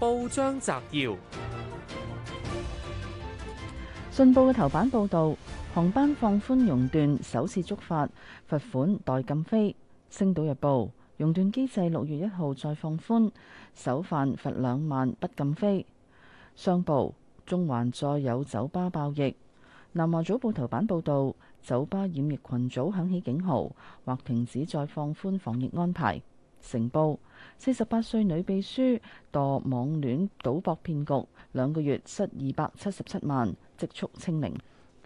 報章摘要：信報嘅頭版報道，航班放寬熔斷，首次觸發罰款待禁飛。星島日報，熔斷機制六月一號再放寬，首犯罰兩萬不禁飛。商報，中環再有酒吧爆疫。南華早報頭版報道，酒吧染疫群組響起警號，或停止再放寬防疫安排。成報：四十八歲女秘書墮網戀賭博騙局，兩個月失二百七十七萬，積蓄清零。《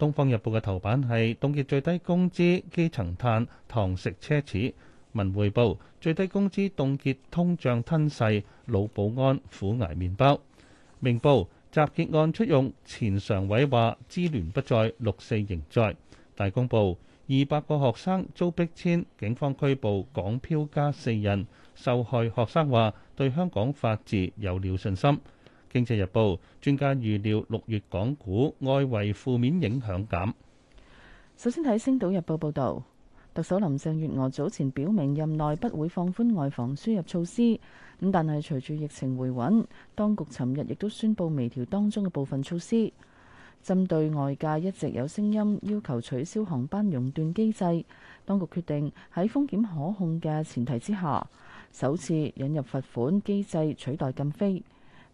東方日報》嘅頭版係凍結最低工資，基層嘆堂食奢侈。《文匯報》最低工資凍結，通脹吞噬老保安苦捱麵包。《明報》集結案出用，前常委話：支聯不在，六四仍在。大公報二百個學生遭逼遷，警方拘捕港漂家四人。受害學生話：對香港法治有了信心。《經濟日報》專家預料六月港股外圍負面影響減。首先睇《星島日報》報道，特首林鄭月娥早前表明任內不會放寬外防輸入措施。咁但係隨住疫情回穩，當局尋日亦都宣布微調當中嘅部分措施。針對外界一直有聲音要求取消航班熔斷機制，當局決定喺風險可控嘅前提之下，首次引入罰款機制取代禁飛。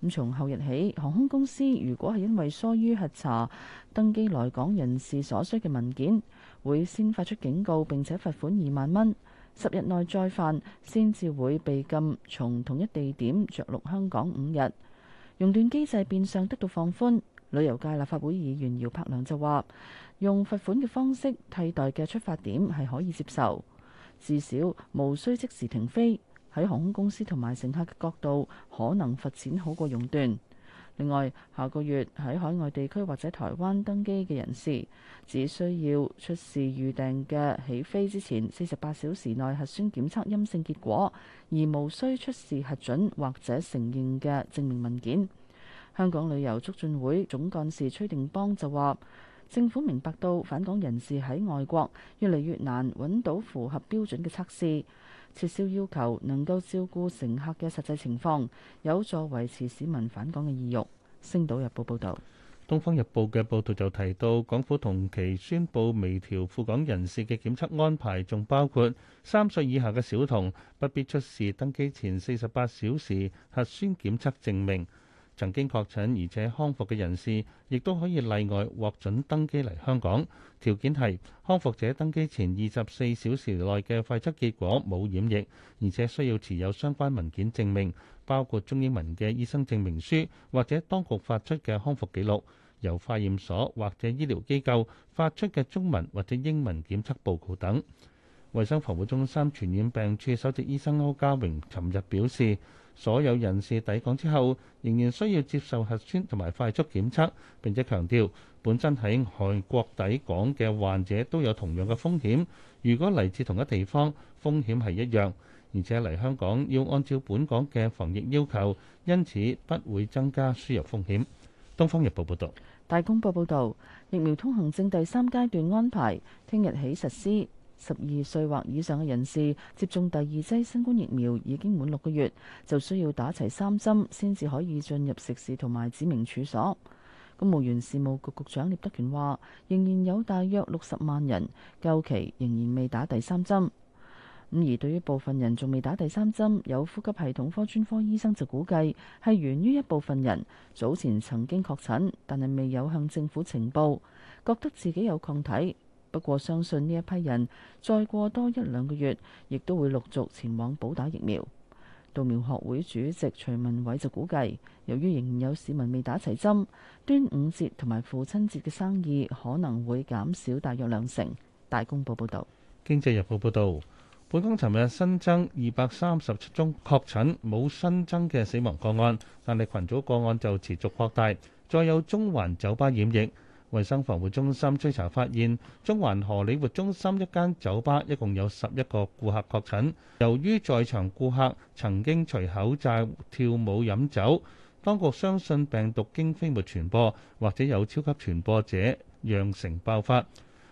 咁從後日起，航空公司如果係因為疏於核查登機來港人士所需嘅文件，會先發出警告並且罰款二萬蚊，十日內再犯先至會被禁從同一地點着陸香港五日。熔斷機制變相得到放寬。旅遊界立法會議員姚柏良就話：用罰款嘅方式替代嘅出發點係可以接受，至少無需即時停飛。喺航空公司同埋乘客嘅角度，可能罰錢好過熔斷。另外，下個月喺海外地區或者台灣登機嘅人士，只需要出示預訂嘅起飛之前四十八小時內核酸檢測陰性結果，而無需出示核准或者承認嘅證明文件。香港旅遊促進會總幹事崔定邦就話：政府明白到返港人士喺外國越嚟越難揾到符合標準嘅測試，撤銷要求能夠照顧乘客嘅實際情況，有助維持市民返港嘅意欲。《星島日報》報道，《東方日報》嘅報道就提到，港府同期宣布微調赴港人士嘅檢測安排，仲包括三歲以下嘅小童不必出示登機前四十八小時核酸檢測證明。曾經確診而且康復嘅人士，亦都可以例外獲准登機嚟香港。條件係康復者登機前二十四小時內嘅快測結果冇染疫，而且需要持有相關文件證明，包括中英文嘅醫生證明書，或者當局發出嘅康復記錄，由化驗所或者醫療機構發出嘅中文或者英文檢測報告等。衛生防護中心傳染病處首席醫生歐家榮尋日表示，所有人士抵港之後仍然需要接受核酸同埋快速檢測。並且強調，本身喺韓國抵港嘅患者都有同樣嘅風險。如果嚟自同一地方，風險係一樣。而且嚟香港要按照本港嘅防疫要求，因此不會增加輸入風險。《東方日報》報導，《大公報》報導，疫苗通行證第三階段安排聽日起實施。十二歲或以上嘅人士接種第二劑新冠疫苗已經滿六個月，就需要打齊三針先至可以進入食肆同埋指明處所。公務員事務局局長聶德權話，仍然有大約六十萬人，到期仍然未打第三針。咁而對於部分人仲未打第三針，有呼吸系統科專科醫生就估計係源於一部分人早前曾經確診，但係未有向政府呈報，覺得自己有抗體。不過相信呢一批人再過多一兩個月，亦都會陸續前往補打疫苗。稻苗學會主席徐文偉就估計，由於仍然有市民未打齊針，端午節同埋父親節嘅生意可能會減少大約兩成。大公報報道，《經濟日報》報道，本港尋日新增二百三十七宗確診，冇新增嘅死亡個案，但係群組個案就持續擴大，再有中環酒吧染疫。衛生防護中心追查發現，中環荷里活中心一間酒吧一共有十一個顧客確診。由於在場顧客曾經除口罩跳舞飲酒，當局相信病毒經飛沫傳播，或者有超級傳播者，釀成爆發。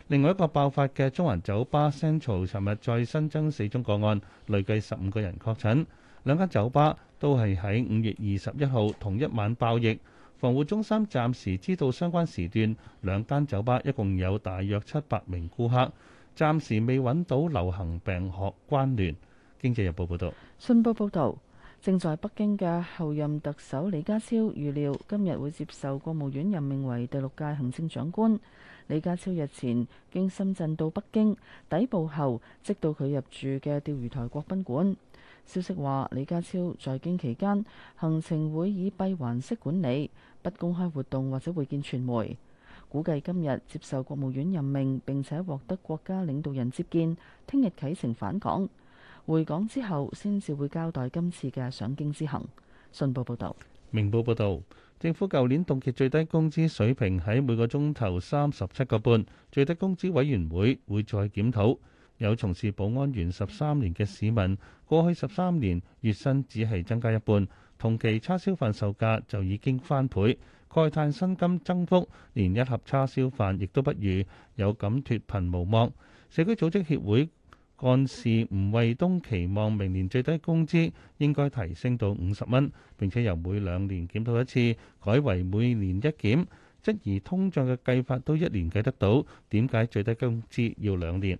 另外一個爆發嘅中環酒吧 Central 尋日再新增四宗個案，累計十五個人確診。兩間酒吧都係喺五月二十一號同一晚爆疫。防護中心暫時知道相關時段兩間酒吧一共有大約七百名顧客，暫時未揾到流行病學關聯。經濟日報報道：「信報報道，正在北京嘅後任特首李家超預料今日會接受國務院任命為第六屆行政長官。李家超日前經深圳到北京抵埗後，即到佢入住嘅釣魚台國賓館。消息話，李家超在京期間行程會以閉環式管理。不公開活動或者會見傳媒，估計今日接受國務院任命並且獲得國家領導人接見，聽日啟程返港，回港之後先至會交代今次嘅上京之行。信報報導，明報報道：政府舊年凍結最低工資水平喺每個鐘頭三十七個半，最低工資委員會會再檢討。有從事保安員十三年嘅市民，過去十三年月薪只係增加一半。同期叉燒飯售價就已經翻倍，慨嘆薪金增幅連一盒叉燒飯亦都不如，有感脫貧無望。社區組織協會幹事吳衛東期望明年最低工資應該提升到五十蚊，並且由每兩年檢討一次改為每年一檢，質疑通脹嘅計法都一年計得到，點解最低工資要兩年？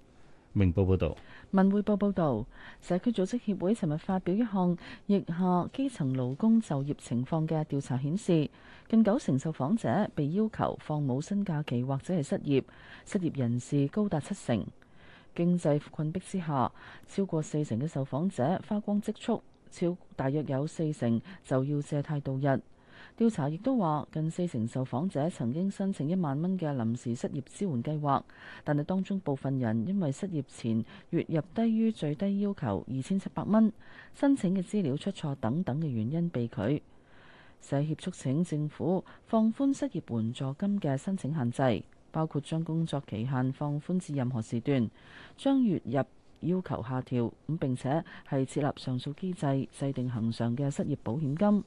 明報報道，文匯報報道，社區組織協會尋日發表一項疫下基層勞工就業情況嘅調查顯示，近九成受訪者被要求放冇薪假期或者係失業，失業人士高達七成。經濟困逼之下，超過四成嘅受訪者花光積蓄，超大約有四成就要借貸度日。調查亦都話，近四成受訪者曾經申請一萬蚊嘅臨時失業支援計劃，但係當中部分人因為失業前月入低於最低要求二千七百蚊，申請嘅資料出錯等等嘅原因被拒。社協促請政府放寬失業援助金嘅申請限制，包括將工作期限放寬至任何時段，將月入要求下調，咁並且係設立上訴機制，制定恒常嘅失業保險金。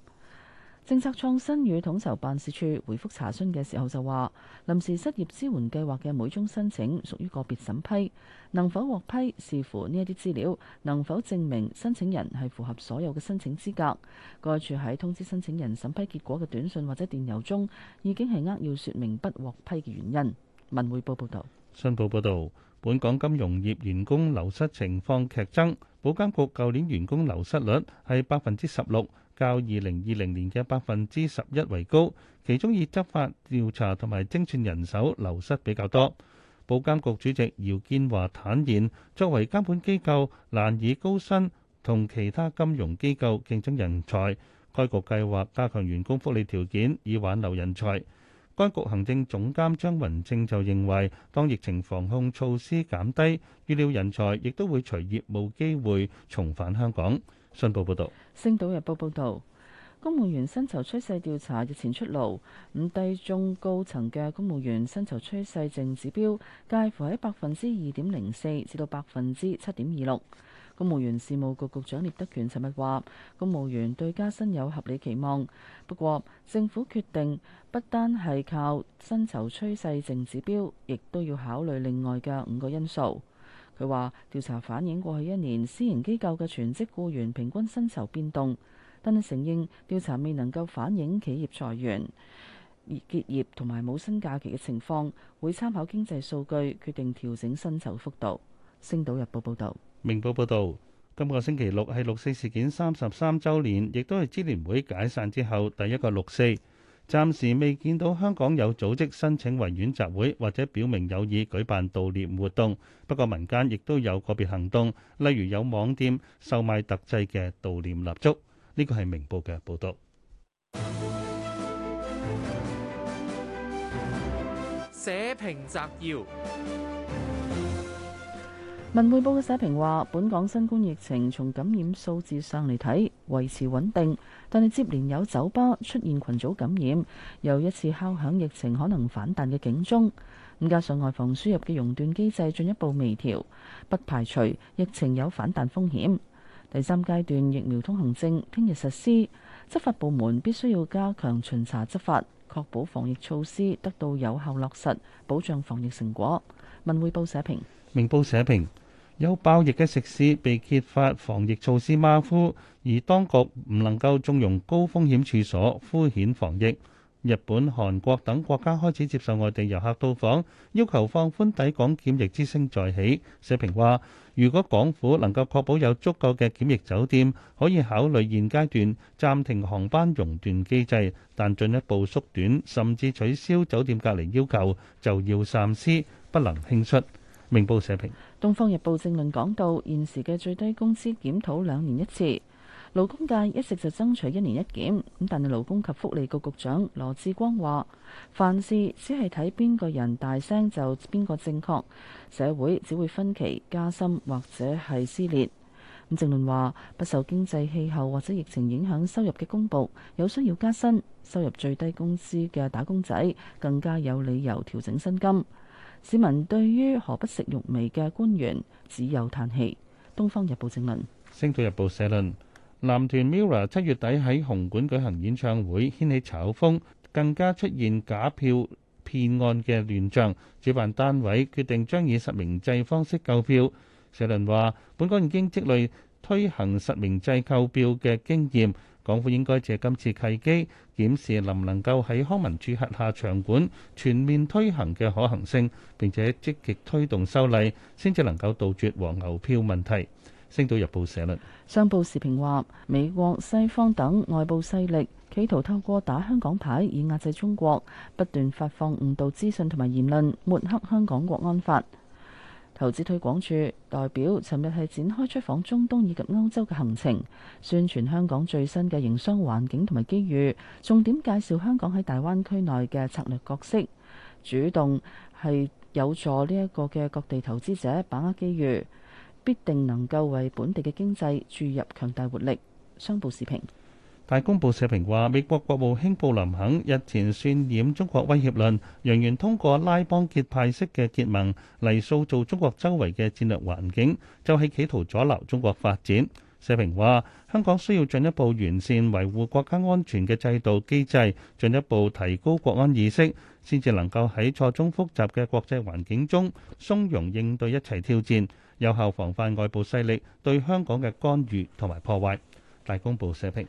政策創新與統籌辦事處回覆查詢嘅時候就話，臨時失業支援計劃嘅每宗申請屬於個別審批，能否獲批視乎呢一啲資料能否證明申請人係符合所有嘅申請資格。該處喺通知申請人審批結果嘅短信或者電郵中，已經係扼要說明不獲批嘅原因。文匯報報道，新報報道本港金融業員工流失情況劇增，保監局舊年員工流失率係百分之十六，較二零二零年嘅百分之十一為高，其中以執法調查同埋精算人手流失比較多。保監局主席姚建華坦言，作為監管機構，難以高薪同其他金融機構競爭人才。該局計劃加強員工福利條件，以挽留人才。該局行政總監張雲正就認為，當疫情防控措施減低，預料人才亦都會隨業務機會重返香港。新報報導，《星島日報》報導，公務員薪酬趨勢調查日前出爐，五低、中、高層嘅公務員薪酬趨勢淨指標介乎喺百分之二點零四至到百分之七點二六。公務員事務局局，局長聶德權尋日話，公務員對加薪有合理期望，不過政府決定不單係靠薪酬趨勢淨指標，亦都要考慮另外嘅五個因素。佢話調查反映過去一年私營機構嘅全職雇員平均薪酬變動，但係承認調查未能夠反映企業裁員結業同埋冇薪假期嘅情況，會參考經濟數據決定調整薪酬幅度。星島日報報道。明報報道，今個星期六係六四事件三十三週年，亦都係支聯會解散之後第一個六四。暫時未見到香港有組織申請維園集會，或者表明有意舉辦悼念活動。不過民間亦都有個別行動，例如有網店售賣特製嘅悼念蠟燭。呢個係明報嘅報導。社評摘要。文匯報嘅社評話：本港新冠疫情從感染數字上嚟睇維持穩定，但係接連有酒吧出現群組感染，又一次敲響疫情可能反彈嘅警鐘。咁加上外防輸入嘅熔斷機制進一步微調，不排除疫情有反彈風險。第三階段疫苗通行證聽日實施，執法部門必須要加強巡查執法，確保防疫措施得到有效落實，保障防疫成果。文匯報社評，明報社評。有爆疫嘅食肆被揭發防疫措施馬虎，而當局唔能夠縱容高風險處所敷衍防疫。日本、韓國等國家開始接受外地遊客到訪，要求放寬抵港檢疫之聲再起。社評話：如果港府能夠確保有足夠嘅檢疫酒店，可以考慮現階段暫停航班熔斷機制，但進一步縮短甚至取消酒店隔離要求，就要三思，不能輕率。明報社評，東方日報正論講到，現時嘅最低工資檢討兩年一次，勞工界一直就爭取一年一檢，咁但係勞工及福利局局長羅志光話，凡事只係睇邊個人大聲就邊個正確社會只會分歧加深或者係撕裂。咁正論話不受經濟氣候或者疫情影響收入嘅公僕，有需要加薪，收入最低工資嘅打工仔更加有理由調整薪金。市民對於何不食肉糜嘅官員只有嘆氣。《東方日報》正論，《星島日報》社論：藍團 MIRROR 七月底喺紅館舉行演唱會，掀起炒風，更加出現假票騙案嘅亂象。主辦單位決定將以實名制方式購票。社論話：本港已經積累推行實名制購票嘅經驗。港府應該借今次契機，檢視能唔能夠喺康文署轄下場館全面推行嘅可行性，並且積極推動修例，先至能夠杜絕黃牛票問題。星島日報社論。商報時評話，美國、西方等外部勢力企圖透過打香港牌以壓制中國，不斷發放誤導資訊同埋言論，抹黑香港國安法。投資推廣處代表，尋日係展開出訪中東以及歐洲嘅行程，宣傳香港最新嘅營商環境同埋機遇，重點介紹香港喺大灣區內嘅策略角色，主動係有助呢一個嘅各地投資者把握機遇，必定能夠為本地嘅經濟注入強大活力。商報時評。大公報社評話：美國國務卿布林肯日前渲染中國威脅論，揚言通過拉幫結派式嘅結盟嚟塑造中國周圍嘅戰略環境，就係企圖阻撓中國發展。社評話：香港需要進一步完善維護國家安全嘅制度機制，進一步提高國安意識，先至能夠喺錯綜複雜嘅國際環境中從容應對一切挑戰，有效防範外部勢力對香港嘅干預同埋破壞。大公報社評。